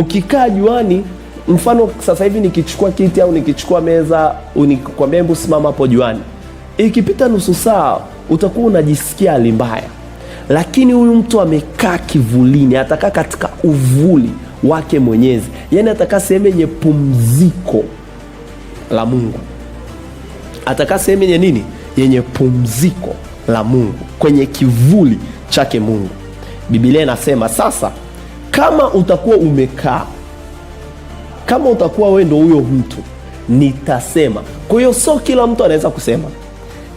Ukikaa juani, mfano sasa hivi nikichukua kiti au nikichukua meza, unikwambia hebu simama hapo juani, ikipita nusu saa utakuwa unajisikia hali mbaya, lakini huyu mtu amekaa kivulini, atakaa katika uvuli wake Mwenyezi, yaani atakaa sehemu yenye pumziko la Mungu, atakaa sehemu yenye nini, yenye pumziko la Mungu, kwenye kivuli chake Mungu. bibilia inasema sasa kama utakuwa umekaa, kama utakuwa wewe ndo huyo mtu, nitasema. Kwa hiyo so kila mtu anaweza kusema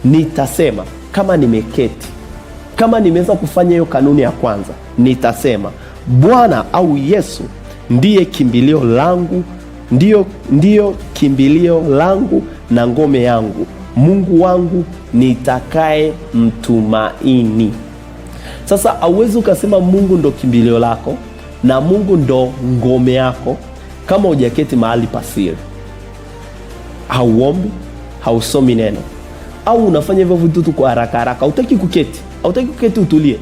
nitasema. Kama nimeketi, kama nimeweza kufanya hiyo kanuni ya kwanza, nitasema Bwana au Yesu ndiye kimbilio langu, ndiyo, ndiyo kimbilio langu na ngome yangu, Mungu wangu nitakaye mtumaini. Sasa auwezi ukasema Mungu ndo kimbilio lako na Mungu ndo ngome yako. Kama hujaketi mahali pasiri, hauombi, hausomi neno, au unafanya hivyo vitu tu kwa haraka haraka, hutaki kuketi, hautaki kuketi utulie,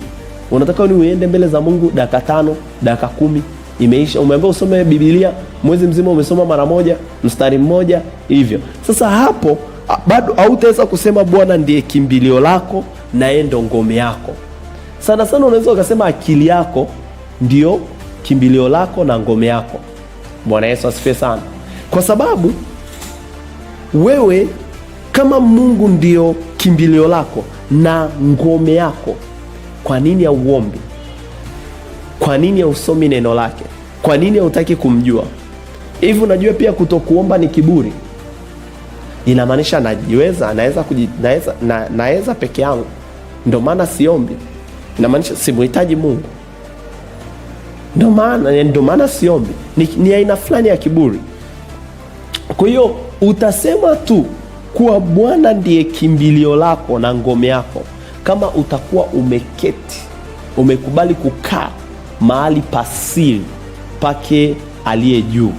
unataka ni uende mbele za Mungu dakika tano, dakika kumi, imeisha. Umeambiwa usome Biblia mwezi mzima, umesoma mara moja, mstari mmoja hivyo. Sasa hapo bado hautaweza kusema Bwana ndiye kimbilio lako na yeye ndo ngome yako. Sana sana unaweza ukasema akili yako ndio kimbilio lako na ngome yako. Bwana Yesu asifiwe sana, kwa sababu wewe kama Mungu ndio kimbilio lako na ngome yako, kwa nini hauombi? Kwa nini hausomi neno lake? Kwa nini hautaki kumjua? Hivi unajua pia kutokuomba ni kiburi? Inamaanisha najiweza, naweza naweza, na, naweza peke yangu, ndio maana siombi. Inamaanisha simhitaji Mungu. Ndio maana ndio maana siombi ni, ni aina fulani ya kiburi. Kwa hiyo utasema tu kuwa Bwana ndiye kimbilio lako na ngome yako kama utakuwa umeketi umekubali kukaa mahali pa siri pake aliye juu.